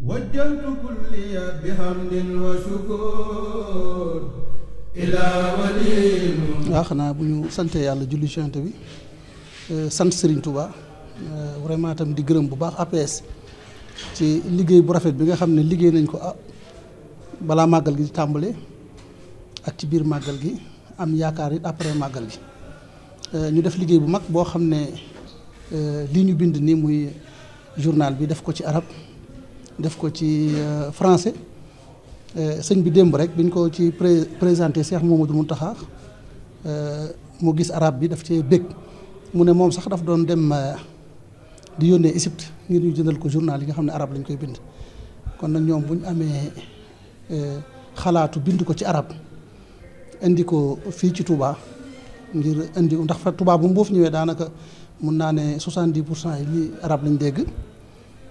وجهت xanaa bu ñu sante yàlla julli Yonent bi euh, sant Serigne Touba euh, vraiment tam di gërëm bu baax APS ci liggéey bu rafet bi nga xam ne liggéey nañ ko ah, balaa màggal gi tàmbale ak ci biir màggal gi am yaakaar it après màggal gi euh, ñu def liggéey bu mag boo xam ne li ñu bind ni muy journal bi def ko ci arab def ko ci euh, français euh, sëñ bi démb rek biñ ko ci pré présenté Cheikh Mouhamadou Mountakha euh, mu gis arab bi daf cee bég mu ne moom sax daf doon dem di yónnee Égypte ngir ñu jëndal ko journal li nga xam ne arab lañ koy bind kon nag ñoom bu ñu amee xalaatu bind ko ci arab indi ko fii ci tubaa ngir indi ndax fa tubaa bu mu mbuuf ñëwee daanaka mun naa ne soixante-dix pour cent yi arab lañ dégg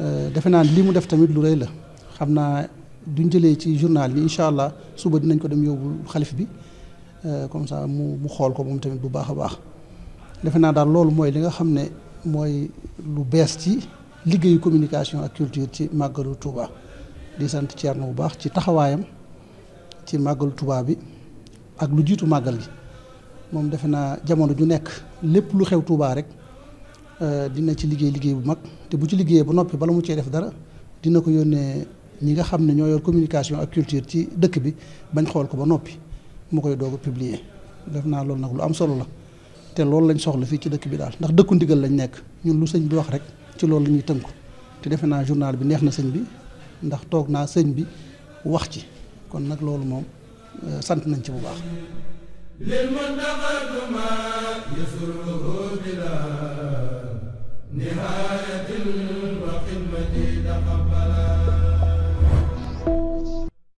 Euh, defe naa li mu def tamit lu rëy la xam naa duñ jëlee ci journal bi incha allah suba dinañ ko dem yóbbul xalif bi euh, comme ça mu mu xool ko moom tamit bu baax a baax defe naa daal loolu mooy li nga xam ne mooy lu bees ci liggéeyu communication ak culture ci màggalu Touba di sant Thierno bu baax ci taxawaayam ci màggalu Touba bi ak lu jiitu màggal gi moom defe naa jamono ju nekk lépp lu xew Touba rek. Euh, dina ci liggéey liggéey bu mag te bu ci liggéeyee ba noppi bala mu cee def dara dina ko yónnee ñi nga xam ne ñoo yor communication ak culture ci dëkk bi bañ xool ko ba noppi mu koy doog a publier def naa loolu nag lu am solo la te loolu lañ soxla fii ci dëkk bi daal ndax dëkku ndigal lañ nekk ñun lu sëñ bi wax rek ci loolu la ñuy tënku te defe naa journal bi neex na sëñ bi ndax toog naa sëñ bi wax ci kon nag loolu moom euh, sant nañ ci bu baax.